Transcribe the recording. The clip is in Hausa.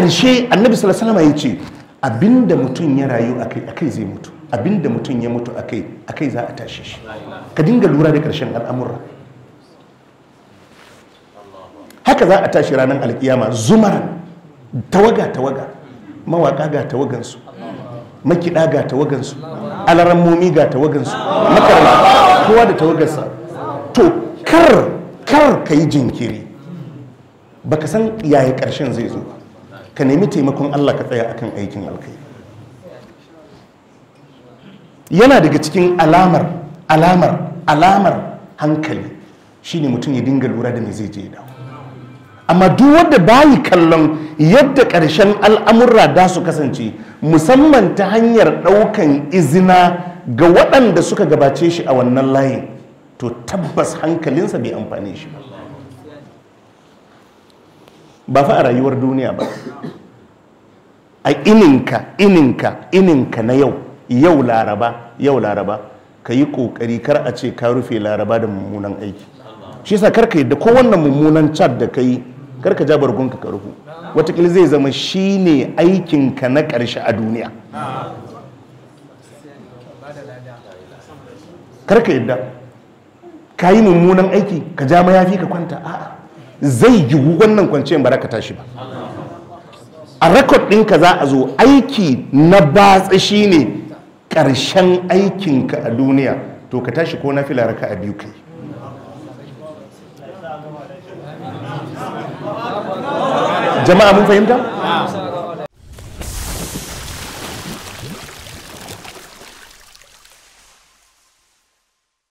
ƙarshe annabi sallallahu ya ce abinda mutum ya rayu akai akai zai mutu abinda mutum ya mutu akai akai za a tashi shi ka dinga lura da ƙarshen al'amura haka za a tashi ranar alkiyama zumar tawaga tawaga mawaƙa ga tawagansu makiɗa ga tawagansu alarammomi ga tawagansu makaranta kowa da tawagarsa to kar kar ka yi jinkiri baka san yaya ƙarshen zai zo ba ka nemi taimakon Allah ka tsaya akan aikin alkai yana daga cikin alamar alamar alamar hankali shine mutum ya dinga lura da me zai je dawo amma duk wanda bayi kallon yadda ƙarshen al'amurra da su kasance musamman ta hanyar ɗaukan izina ga waɗanda suka gabace shi a wannan layin to tabbas hankalinsa bai amfane shi ba ba fa a rayuwar duniya ba a ininka ininka ininka na yau yau laraba yau laraba ka yi kokari kar a ce ka rufe laraba da mummunan aiki shi yasa kar ka yadda ko wannan mummunan chat da ka yi kar ka ja ka rufu watakila zai zama shi ne aikinka na ƙarshe a duniya kar ka yadda ka yi mummunan aiki ka ja mayafi ka kwanta a'a zai yi wannan kwanciyar ba ka tashi ba a rekod ɗinka za a zo aiki na batsa shine ƙarshen aikinka a duniya to ka tashi ko na fila raka a biyu kai jama'a mun fahimta?